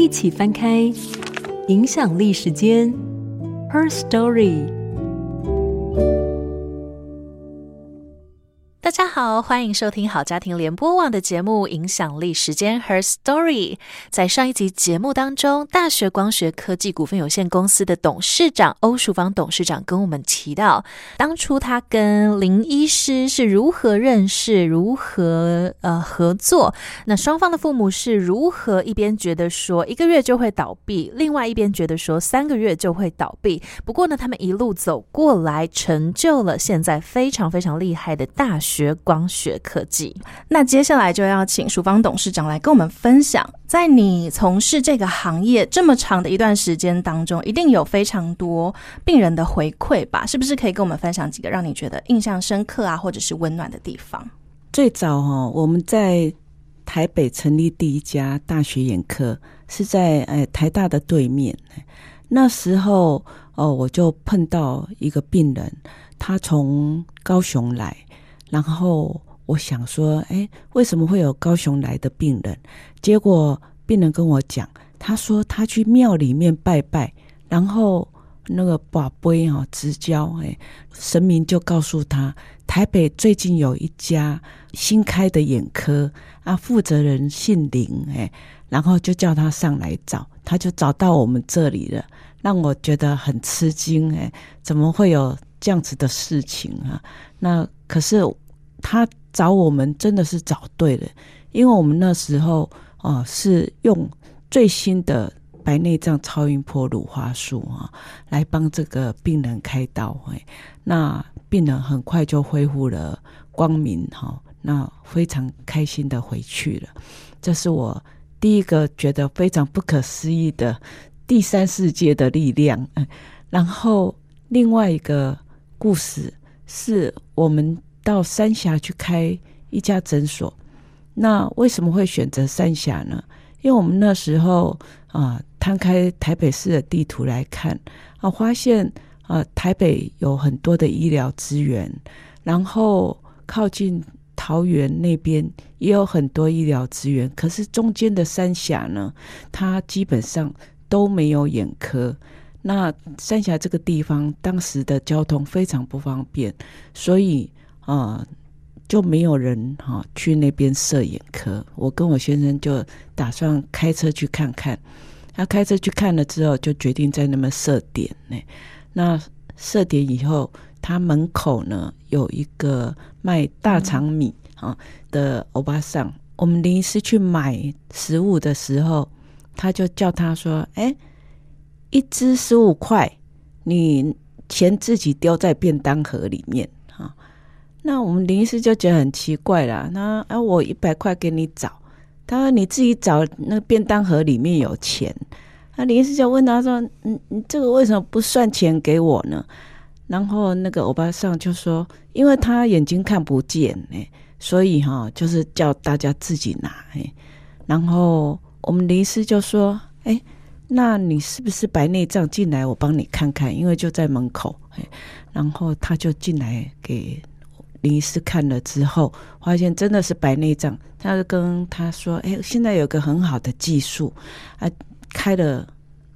一起翻開《影響力時間》Her Story。好，歡迎收聽好家庭聯播網的節目《影響力時間 Her Story》。在上一集節目當中，大學光學科技股份有限公司的董事長歐淑芳董事長跟我們提到，當初他跟林醫師是如何認識、如何呃合作。那雙方的父母是如何一邊覺得說一個月就會倒閉，另外一邊覺得說三個月就會倒閉。不過呢，他們一路走過來，成就了現在非常非常厲害的大學光學科技，那接下來就要請淑芳董事長來跟我們分享，在你從事這個行業這麼長的一段時間當中，一定有非常多病人的回饋吧？是不是可以跟我們分享幾個讓你覺得印象深刻啊，或者是溫暖的地方？最早哈、哦，我們在台北成立第一家大學眼科，是在哎台大的對面。那時候哦，我就碰到一個病人，他從高雄來。然後我想說，哎，為什麼會有高雄來的病人？結果病人跟我講，他說他去廟裡面拜拜，然後那個筊杯啊，擲筊，哎，神明就告訴他，台北最近有一家新開的眼科啊，負責人姓林，哎，然後就叫他上來找，他就找到我們這裡了，讓我覺得很吃驚，哎，怎麼會有這樣子的事情啊？那可是。他找我們真的是找對了，因為我們那時候啊是用最新的白內障超音波乳化術啊，來幫這個病人開刀。哎，那病人很快就恢復了光明，哈，那非常開心的回去了。這是我第一個覺得非常不可思議的第三世界的力量。哎，然後另外一個故事是我們。到三峽去開一家診所，那為什麼會選擇三峽呢？因為我們那時候啊，攤開台北市的地圖來看啊，發現啊，台北有很多的醫療資源，然後靠近桃園那邊也有很多醫療資源，可是中間的三峽呢，它基本上都沒有眼科。那三峽這個地方當時的交通非常不方便，所以。啊，就沒有人哈、啊、去那邊設眼科。我跟我先生就打算開車去看看。他開車去看了之後，就決定在那邊設點呢、欸。那設點以後，他門口呢有一個賣大腸米、嗯、啊的歐巴桑。我們臨時去買食物的時候，他就叫他說：“哎、欸，一支十五塊，你錢自己丟在便當盒裡面。”那我們林醫師就覺得很奇怪啦。那啊，我一百塊給你找，他說你自己找。那個便當盒裡面有錢。那林醫師就問他說：“嗯，你這個為什麼不算錢給我呢？”然後那個歐巴桑就說：“因為他眼睛看不見，哎，所以哈，就是叫大家自己拿。”哎，然後我們林醫師就說：“哎、欸，那你是不是白內障進來？我幫你看看，因為就在門口。”然後他就進來給。林醫師看了之後，發現真的是白內障。他就跟他說：“哎、欸，現在有個很好的技術，啊，開了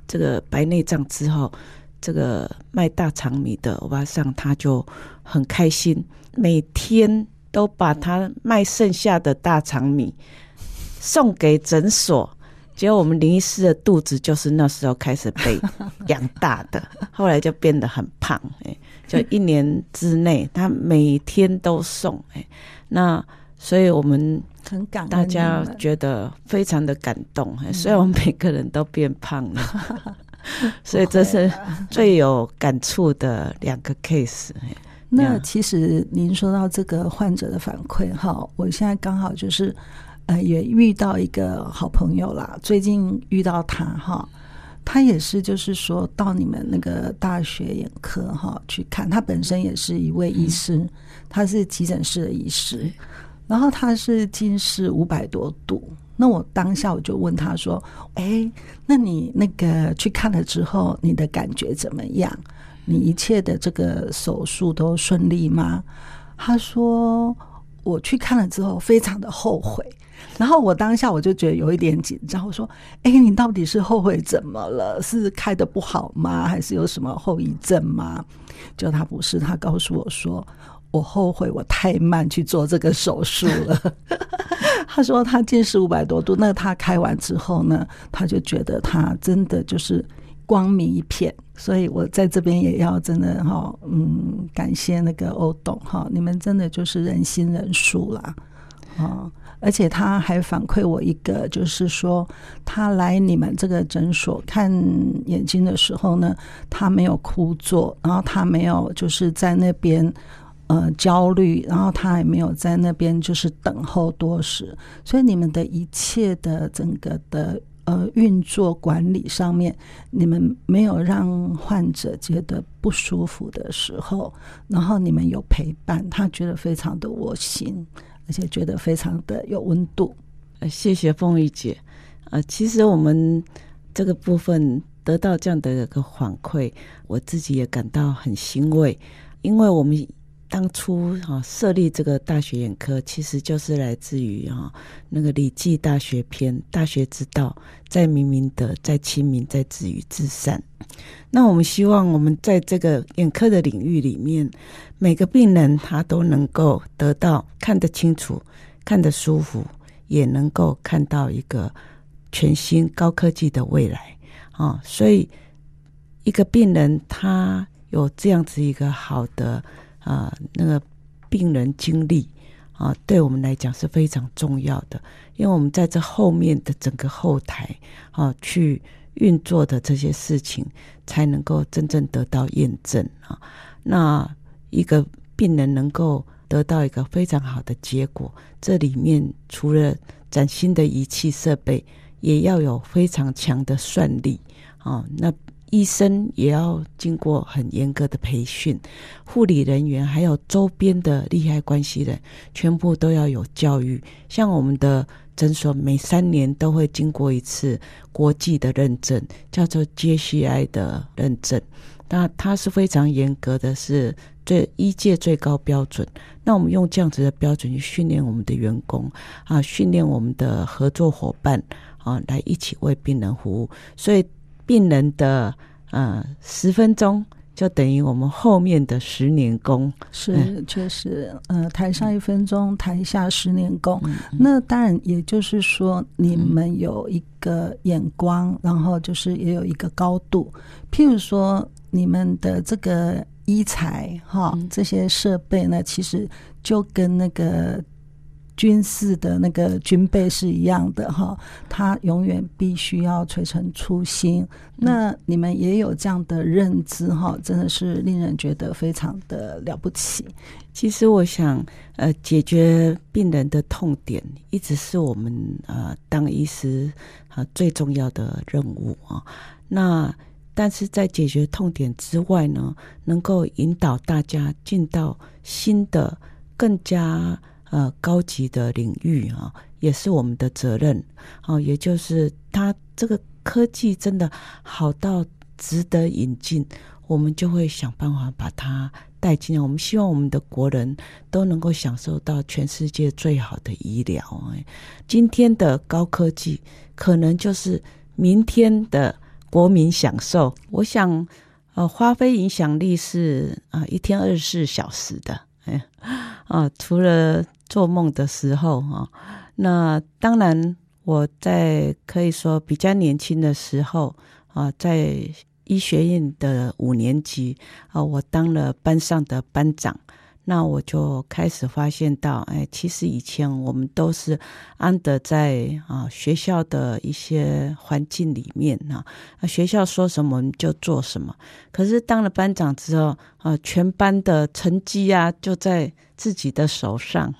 這個白內障之後，這個賣大腸米的歐巴桑，他就很開心，每天都把他賣剩下的大腸米送給診所。結果我們林醫師的肚子就是那時候開始被養大的， 後來就變得很胖。欸”就一年之內，他每天都送，哎。那所以我們大家覺得非常的感動，所以我們每個人都變胖了， 所以這是最有感觸的兩個 case。那其實您說到這個患者的反饋哈，我現在剛好就是呃也遇到一個好朋友啦，最近遇到他哈。他也是，就是說到你們那個大學眼科哈去看，他本身也是一位醫師，他是急診室的醫師，然後他是近視五百多度。那我當下我就問他說：“哎，那你那個去看了之後，你的感覺怎麼樣？你一切的這個手術都順利嗎？”他說。我去看了之後，非常的後悔。然後我當下我就覺得有一點緊張。我說：“哎、欸，你到底是後悔怎麼了？是開得不好嗎？還是有什麼後遺症嗎？”就他不是，他告訴我說：“我後悔我太慢去做這個手術了。” 他說他近視五百多度，那他開完之後呢，他就覺得他真的就是。光明一片，所以我在這邊也要真的哈、哦，嗯，感謝那個歐董哈、哦，你們真的就是仁心仁術啦，啊、哦，而且他還反饋我一個，就是說他來你們這個診所看眼睛的時候呢，他沒有哭坐，然後他沒有就是在那邊呃焦慮，然後他也沒有在那邊就是等候多時，所以你們的一切的整個的。呃，運作管理上面，你們沒有讓患者覺得不舒服的時候，然後你們有陪伴，他覺得非常的窩心，而且覺得非常的有溫度。呃，謝謝鳳玉姐。呃，其實我們這個部分得到這樣的一個反饋，我自己也感到很欣慰，因為我們。當初啊，設立這個大學眼科，其實就是來自於啊那個《禮記·大學篇》：“大學之道，在明明德，在親民，在止於至善。”那我們希望我們在這個眼科的領域裡面，每個病人他都能夠得到看得清楚、看得舒服，也能夠看到一個全新高科技的未來啊！所以，一個病人他有這樣子一個好的。啊，那個病人經歷啊，對我們來講是非常重要的，因為我們在這後面的整個後台啊，去運作的這些事情，才能夠真正得到驗證啊。那一個病人能夠得到一個非常好的結果，這裡面除了嶄新的儀器設備，也要有非常強的算力啊。那醫生也要經過很嚴格的培訓，護理人員還有周邊的利害關係人，全部都要有教育。像我們的診所，每三年都會經過一次國際的認證，叫做 JCI 的認證。那它是非常嚴格的是，是最醫界最高標準。那我們用這樣子的標準去訓練我們的員工啊，訓練我們的合作夥伴啊，來一起為病人服務。所以。病人的呃，十分鐘，就等於我們後面的十年功。嗯、是，確實，呃，台上一分鐘，台下十年功。嗯、那當然，也就是說，你們有一個眼光，嗯、然後就是也有一個高度。譬如說，你們的這個醫材哈，嗯、這些設備呢，其實就跟那個。軍事的那個軍備是一樣的哈，他永遠必須要推陳出新。那你們也有這樣的認知哈，真的是令人覺得非常的了不起。其實我想，呃，解決病人的痛點，一直是我們呃當醫師啊、呃、最重要的任務啊、哦。那但是在解決痛點之外呢，能夠引導大家進到新的、更加。呃，高級的領域啊，也是我們的責任啊。也就是，它這個科技真的好到值得引進，我們就會想辦法把它帶進來。我們希望我們的國人都能夠享受到全世界最好的醫療。哎，今天的高科技，可能就是明天的國民享受。我想，呃，花費影響力是啊、呃，一天二十四小時的，哎啊、呃，除了。做夢的時候，那當然我在可以說比較年輕的時候啊，在醫學院的五年級啊，我當了班上的班長，那我就開始發現到，哎，其實以前我們都是安得在啊學校的一些環境裡面啊，那學校說什麼我們就做什麼。可是當了班長之後啊，全班的成績啊就在。自己的手上，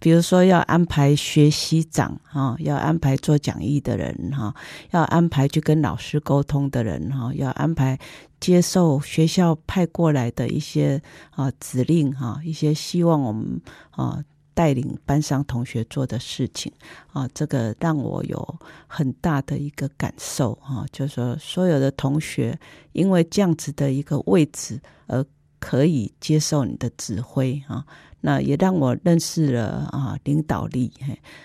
比如說要安排學習長啊，要安排做講義的人哈，要安排去跟老師溝通的人哈，要安排接受學校派過來的一些啊指令哈，一些希望我們啊帶領班上同學做的事情啊，這個讓我有很大的一個感受哈，就是說所有的同學因為這樣子的一個位置而。可以接受你的指揮啊，那也讓我認識了啊領導力，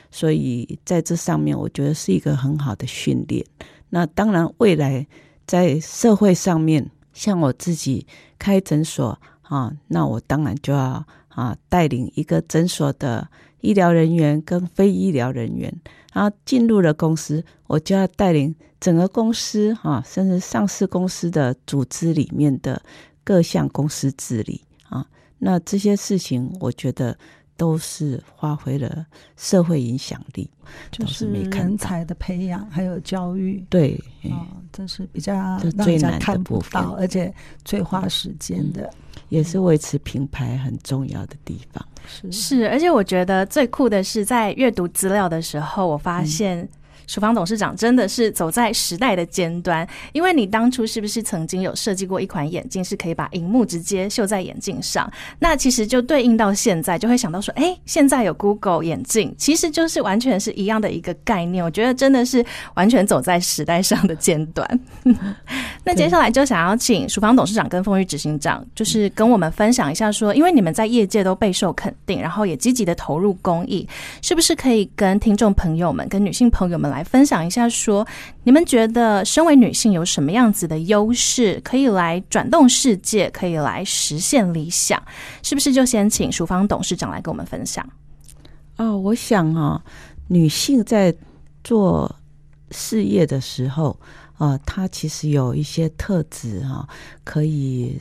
所以在這上面，我覺得是一個很好的訓練。那當然，未來在社會上面，像我自己開診所啊，那我當然就要啊帶領一個診所的醫療人員跟非醫療人員，啊，進入了公司，我就要帶領整個公司啊，甚至上市公司的組織裡面的。各項公司治理啊，那這些事情，我覺得都是發揮了社會影響力，是沒看到就是人才的培養還有教育，對，啊，這是比較最難看不到的部分，而且最花時間的，嗯，也是維持品牌很重要的地方。是是，而且我覺得最酷的是，在閱讀資料的時候，我發現，嗯。淑芳董事長真的是走在時代的尖端，因為你當初是不是曾經有設計過一款眼鏡，是可以把熒幕直接繡在眼鏡上？那其實就對應到現在，就會想到說，哎、欸，現在有 Google 眼鏡，其實就是完全是一樣的一個概念。我覺得真的是完全走在時代上的尖端。 那接下來就想要請淑芳董事長跟鳳玉執行長，就是跟我們分享一下，說，因為你們在業界都備受肯定，然後也積極的投入公益，是不是可以跟聽眾朋友們、跟女性朋友們來來分享一下說，說你們覺得身為女性有什麼樣子的優勢，可以來轉動世界，可以來實現理想？是不是就先請淑芳董事長來跟我們分享？哦，我想啊，女性在做事業的時候啊、呃，她其實有一些特質哈、啊，可以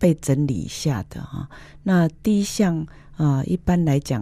被整理一下的哈、啊，那第一項啊、呃，一般來講，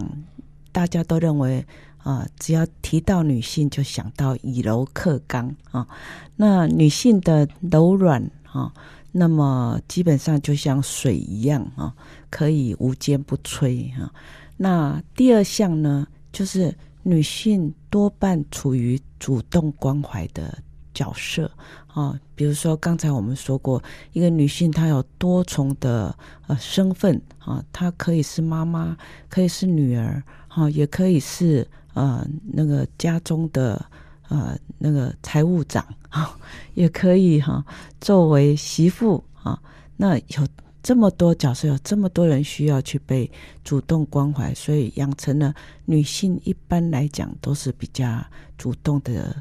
大家都認為。啊，只要提到女性，就想到以柔克剛啊。那女性的柔軟啊，那麼基本上就像水一樣啊，可以無堅不摧哈。那第二項呢，就是女性多半處於主動關懷的角色啊。比如說剛才我們說過，一個女性她有多重的呃身份啊，她可以是媽媽，可以是女兒，啊，也可以是。呃，那個家中的呃，那個財務長啊，也可以哈，啊，作為媳婦啊，那有這麼多角色，有這麼多人需要去被主動關懷，所以養成了女性一般來講都是比較主動的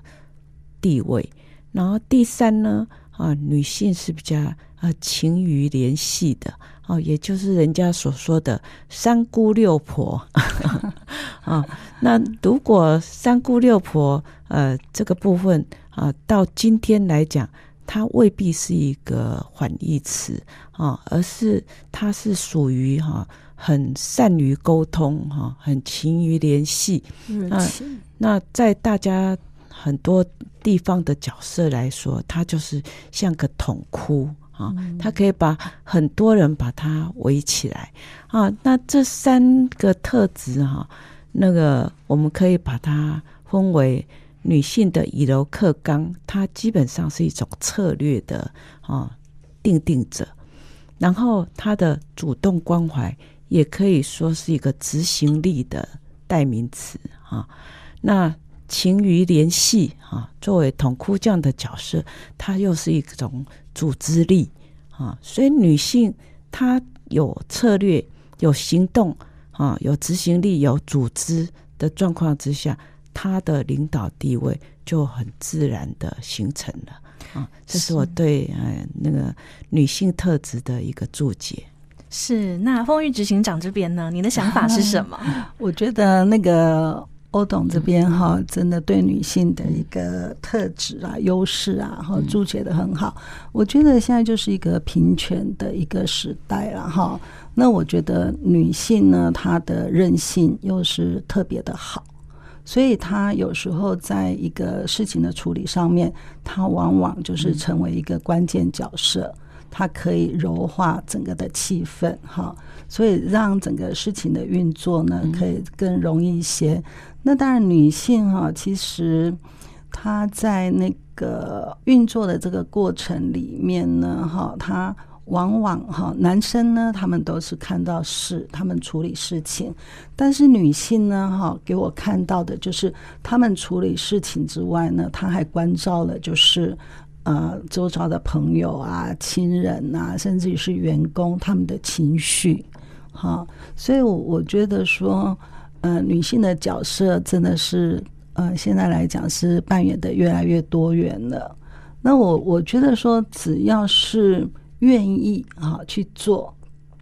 地位。然後第三呢，啊，女性是比較。呃勤於聯繫的哦，也就是人家所說的三姑六婆呵呵 啊。那如果三姑六婆呃這個部分啊，到今天來講，它未必是一個貶義詞啊，而是它是屬於哈很善於溝通哈、啊，很勤於聯繫。嗯， 那在大家很多地方的角色來說，它就是像個桶箍。啊，他、哦、可以把很多人把他圍起來啊。那這三個特質哈、啊，那個我們可以把它分為女性的以柔克剛，它基本上是一種策略的啊，訂定者。然後她的主動關懷也可以說是一個執行力的代名詞啊。那勤於聯繫啊，作為桶箍匠的角色，它又是一種。組織力啊，所以女性她有策略、有行動啊、有執行力、有組織的狀況之下，她的領導地位就很自然的形成了啊。這是我對呃那個女性特質的一個注解。是那鳳玉執行長這邊呢，你的想法是什麼？ 我覺得那個。歐董這邊哈，真的對女性的一個特質啊、優勢啊，哈，注解得很好。我覺得現在就是一個平權的一個時代了哈。那我覺得女性呢，她的韌性又是特別的好，所以她有時候在一個事情的處理上面，她往往就是成為一個關鍵角色。它可以柔化整個的氣氛，哈，所以讓整個事情的運作呢，可以更容易一些。嗯、那當然，女性哈、啊，其實她在那個運作的這個過程裡面呢，哈，她往往哈，男生呢，他們都是看到事，他們處理事情；但是女性呢，哈，給我看到的就是，他們處理事情之外呢，他還關照了，就是。呃，周遭的朋友啊、親人啊，甚至於是員工，他們的情緒，哈，所以我，我我覺得說，呃，女性的角色真的是，呃，現在來講是扮演的越來越多元了。那我我覺得說，只要是願意哈、啊、去做。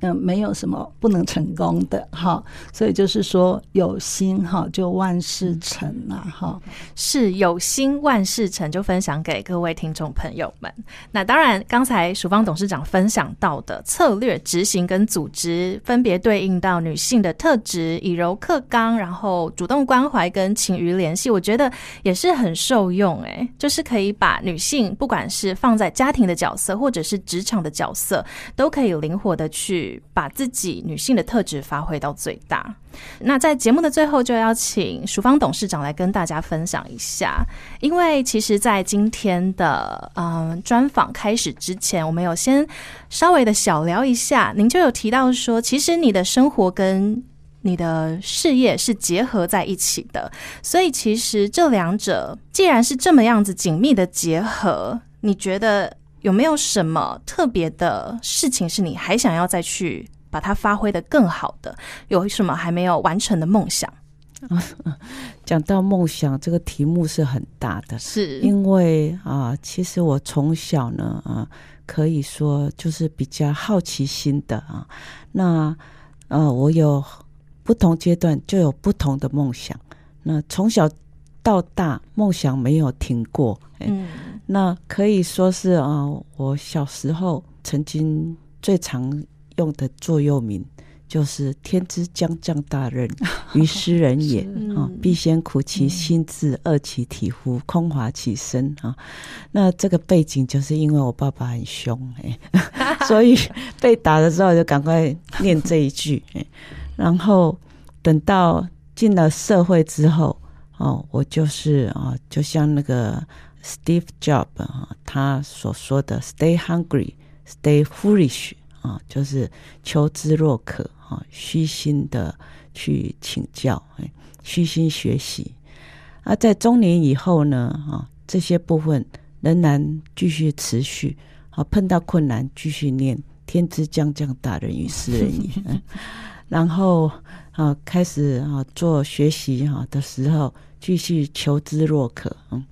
嗯，沒有什麼不能成功的哈，所以就是說有心哈，就萬事成啊哈，是，有心萬事成，就分享給各位聽眾朋友們。那當然，剛才淑芳董事長分享到的策略執行跟組織，分別對應到女性的特質，以柔克剛，然後主動關懷跟勤於聯繫，我覺得也是很受用哎、欸，就是可以把女性不管是放在家庭的角色，或者是職場的角色，都可以靈活的去。把自己女性的特質發揮到最大。那在節目的最後，就要請淑芳董事長來跟大家分享一下。因為其實，在今天的嗯專訪開始之前，我們有先稍微的小聊一下。您就有提到說，其實你的生活跟你的事業是結合在一起的。所以，其實這兩者既然是這麼樣子緊密的結合，你覺得？有沒有什麼特別的事情是你還想要再去把它發揮得更好的？有什麼還沒有完成的夢想？講到夢想這個題目是很大的，是因為啊，其實我從小呢啊，可以說就是比較好奇心的啊。那呃、啊，我有不同階段就有不同的夢想。那從小到大，夢想沒有停過。嗯。那可以說是啊，我小時候曾經最常用的座右銘就是“天之將降大任於斯人也，必先苦其心志，餓其體膚，空乏其身啊。”那這個背景就是因為我爸爸很凶，欸， 所以被打的時候就趕快念這一句，然後等到進了社會之後哦，我就是啊，就像那個。Steve Jobs 啊，他所說的 “Stay hungry, stay foolish” 啊，就是求知若渴啊，虛心的去請教，哎，虛心學習。而在中年以後呢，啊，這些部分仍然繼續持續啊，碰到困難繼續念“天之將降大任於斯人也”， 然後啊，開始啊做學習哈的時候，繼續求知若渴，嗯。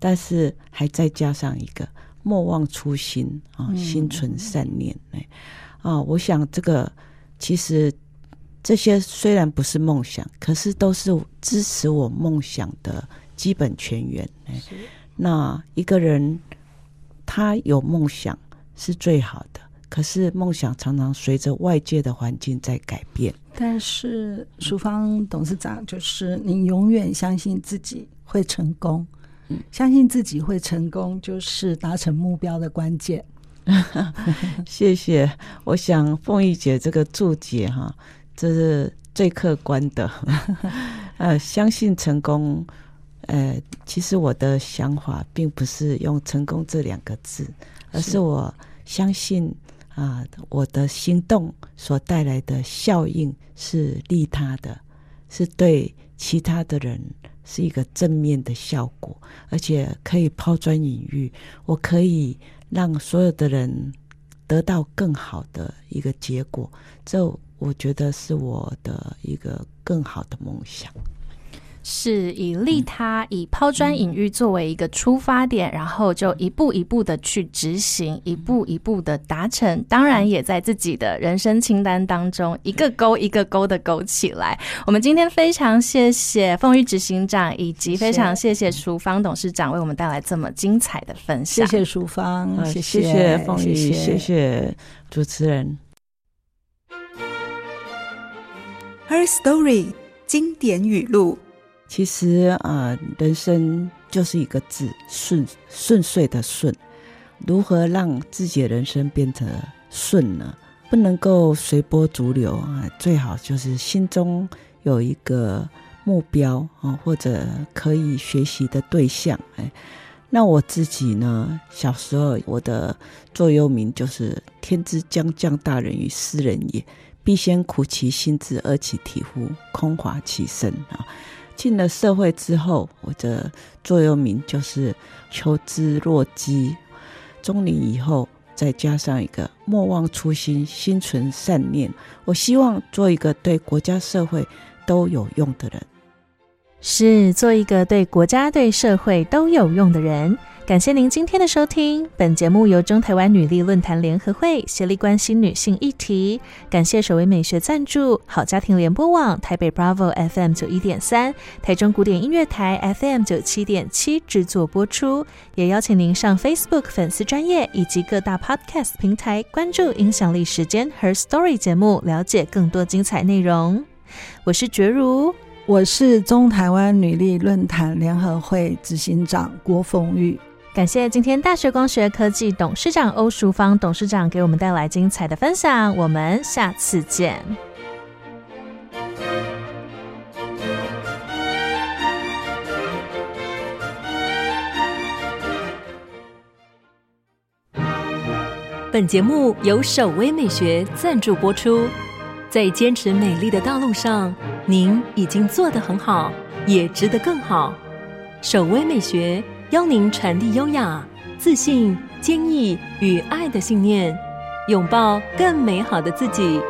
但是還再加上一個莫忘初心啊，心存善念、嗯、啊！我想這個其實這些雖然不是夢想，可是都是支持我夢想的基本泉源是那一個人他有夢想是最好的，可是夢想常常隨着外界的環境在改變。但是淑芳董事長，就是你、嗯、永遠相信自己會成功。嗯、相信自己會成功，就是達成目標的關鍵。 謝謝。我想鳳玉姐這個注解哈、啊，這是最客觀的。呃、 嗯，相信成功。呃，其實我的想法並不是用“成功”這兩個字，而是我相信啊、呃，我的行動所帶來的效應是利他的，是對。其他的人是一個正面的效果，而且可以拋磚引玉，我可以讓所有的人得到更好的一個結果。這我覺得是我的一個更好的夢想。是以利他、以拋磚引玉作為一個出發點，嗯、然後就一步一步的去執行，嗯、一步一步的達成。嗯、當然，也在自己的人生清單當中，一個勾一個勾的勾起來。對我們今天非常謝謝鳳玉執行長，以及非常謝謝淑芳董事長為我們帶來這麼精彩的分享。謝謝淑芳，謝謝鳳玉，謝謝主持人。Her Story 經典語錄。其實啊，呃，人生就是一個字“順”，順遂的“順”。如何讓自己的人生變得順呢？不能夠隨波逐流啊！最好就是心中有一個目標啊，或者可以學習的對象。哎，那我自己呢？小時候我的座右銘就是：“天之將降大任於斯人也，必先苦其心志，餓其體膚，空乏其身啊。”進了社會之後，我的座右銘就是“求知若飢”，中年以後再加上一個“莫忘初心，心存善念”。我希望做一個對國家、社會都有用的人，是做一個對國家、對社會都有用的人。感謝您今天的收聽，本節目由中台灣女力論壇聯合會協力關心女性議題，感謝守葳美學贊助，好家庭聯播網台北 Bravo FM 九一點三，台中古典音樂台 FM 九七點七制作播出，也邀請您上 Facebook 粉絲專頁以及各大 Podcast 平台關注影響力時間 Her Story 節目，了解更多精彩內容。我是珏如，我是中台灣女力論壇聯合會執行長郭鳳玉。感謝今天大學光學科技董事長歐淑芳董事長給我們帶來精彩的分享，我們下次見。本節目由守葳美學贊助播出，在堅持美麗的道路上，您已經做得很好，也值得更好。守葳美學。邀您傳遞優雅、自信、堅毅與愛的信念，擁抱更美好的自己。